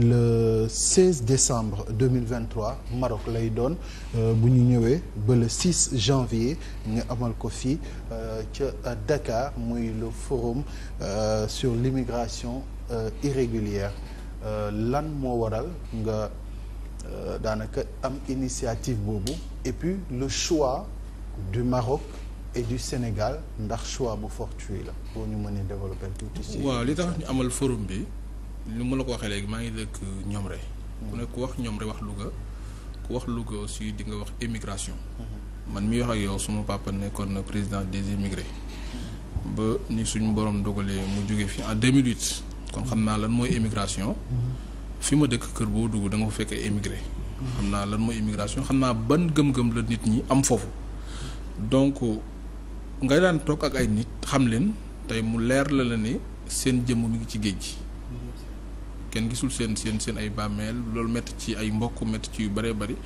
le 16 décembre 2023 Maroc lay doon euh, bu ñu ñëwee ba le 6 janvier ñu amal ko fii euh, ca Dakar muy le forum euh, sur l'immigration irrégulière lan moo waral nga daanaka am initiative boobu et puis le choix du Maroc et du Sénégal ndax choix bu fortuit la boo ñu mënee développer tuuti si. waaw li tax amal forum bi. ni ma la ko waxee léegi maa ngi dëkk Ñomre ku ne ku wax Ñomre wax Louga ku wax Louga aussi di nga wax émigration mhm. man mi wax ak yow suma papa nekkoon na président des émigrés ba ni suñu borom dogalee mu jóge fi en 2008 kon xam naa lan mooy émigration mhm. fi ma dëkk kër boo dugg da nga fa fekk émigré mhm. xam naa lan mooy émigration xam naa ban gëm-gëm la nit ñi am foofu donc nga daan toog ak ay nit xam leen tey mu leer la la ne seen jëmm mi ngi ci géej gi kenn gisul seen seen seen ay bàmmeel loolu métti ci ay mbokk métti ci yu bëree bari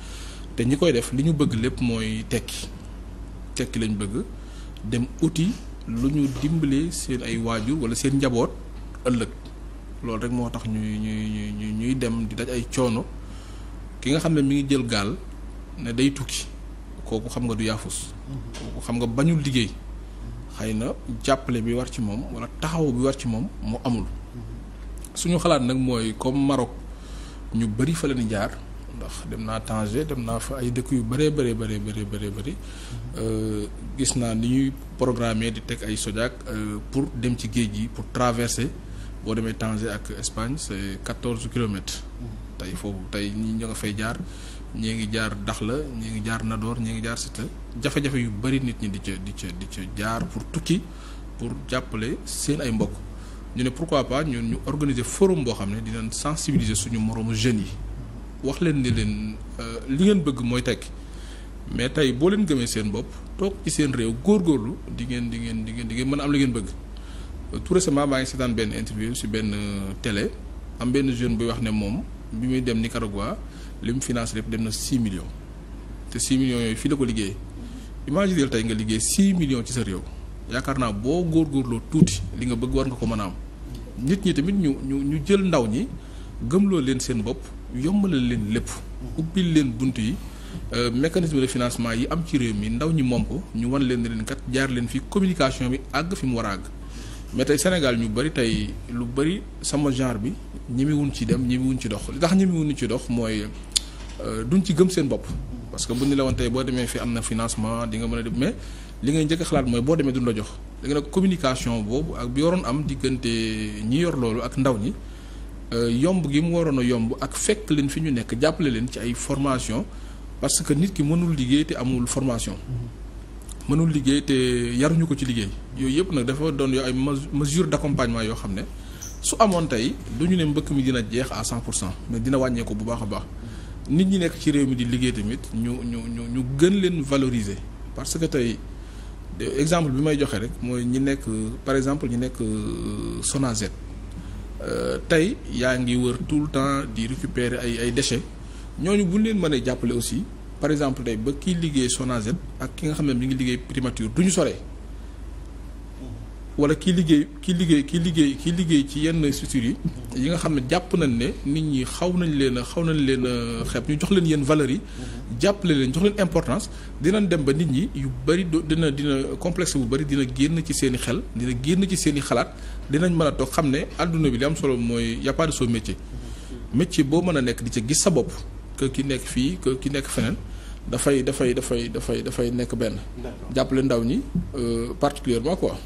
te ñi koy def li ñu bëgg lépp mooy tekki tekki lañ bëgg dem uti lu ñu dimbalee seen ay waajur wala seen njaboot ëllëg loolu rek moo tax ñuy ñuy ñuy dem di daj ay coono ki nga xam ne mi ngi jël gaal ne day tukki kooku xam nga du yaafus. kooku xam nga bañul liggéey. xëy na jàppale bi war ci moom wala taxaw bi war ci moom mu amul. suñu xalaat nag mooy comme Maroc ñu bëri fa la ñu jaar ndax dem naa Tanger dem naa fa ay dëkk yu bëree bëree bëree bëree bëree bëri euh, gis naa ni ñuy programmer di teg ay Sodiac euh, pour dem ci géej gi pour traverser boo demee Tanger ak Espagne c'est quatorze kilomètres tey foofu tey ñi ña nga fay jaar ñii ngi jaar Dakhla ñii ngi jaar Nador ñii ngi jaar Cité jafe-jafe yu bëri nit ñi di ca di ca di ca jaar pour tukki pour jàppale seen ay mbokk ñu ne pour pourquoi pas ñun ñu organiser forum boo xam ne dinañ sensibiliser suñu moroom jeunes yi wax leen ni leen euh, li ngeen bëgg mooy tekki mais tey boo leen gëmee seen bopp toog ci seen réew góorgóorlu di ngeen di ngeen di ngeen di ngeen mën a am li ngeen bëgg euh, tout récemment maa ngi seetaan benn interview si benn euh, télé am benn jeune buy wax ne moom bi muy dem Nicaragua li mu financé lépp dem na 6 million te 6 millions yooyu fii la ko liggéey imaginer tey nga liggéey 6 millions ci sa réew. yaakaar naa boo góorgóorloo tuuti li nga bëgg war nga ko mën a am nit ñi tamit ñu ñu ñu jël ndaw ñi gëmloo leen seen bopp yombalal leen lépp ubbil leen bunt yi euh, mécanisme de financement yi am ci réew mi ndaw ñi moom ko ñu wan leen ne leen kat jaar leen fi communication bi àgg fi mu war a àgg mais tey Sénégal ñu bëri tey lu bëri sama genre bi ñi ci dem ñi ci dox li tax ñi ci dox mooy euh, duñ ci gëm seen bopp parce que bu ñu la woon tey boo demee fi am na financement di nga mën a def mais li ngay jëkk a xalaat mooy boo demee duñ jox léegi nag communication boobu ak bi waroon am diggante ñi yor loolu ak ndaw ñi euh, yomb gi mu waroon a yomb ak fekk leen fi ñu nekk jàppale leen ci ay formation parce que nit ki mënul liggéey te amul formation. Mm-hmm. mënul liggéey te yaruñu ko ci liggéey yooyu yëpp nag dafa doon yoo ay mesure d'accompagnement yoo xam ne su amoon tey du ñu ne mbëkk mi dina jeex à 100 pour cent mais dina wàññeeku bu baax a baax. nit ñi nekk ci réew mi di liggéey tamit ñu ñu ñu ñu gën leen valoriser parce que tey exemple bi may joxe rek mooy ñi nekk par exemple ñi nekk euh, Sonazed euh, tey yaa ngi wër tout le temps di récupérer ay ay déchets ñooñu bu leen leen mënee jàppale aussi par exemple tey ba kiy liggéey Sonazed ak ki nga xam ne mi ngi liggéey primature du ñu soree wala ki liggéey ki liggéey ki liggéey ki liggéey ci yenn structures yi yi nga xam ne jàpp nañ ne nit ñi xaw nañ leen a xaw nañ leen a xeeb ñu jox leen yenn valeur yi jàppale leen jox leen importance dinañ dem ba nit ñi yu bëri dina dina complexe bu bari dina génn ci seen i xel dina génn ci seen i xalaat dinañ mën a toog xam ne àdduna bi li am solo mooy y a pas de boo mën a nekk di ca gis sa bopp que ki nekk fii que ki nekk feneen dafay dafay dafay dafay dafay nekk benn jàppale ndaw ñi euh, particulièrement quoi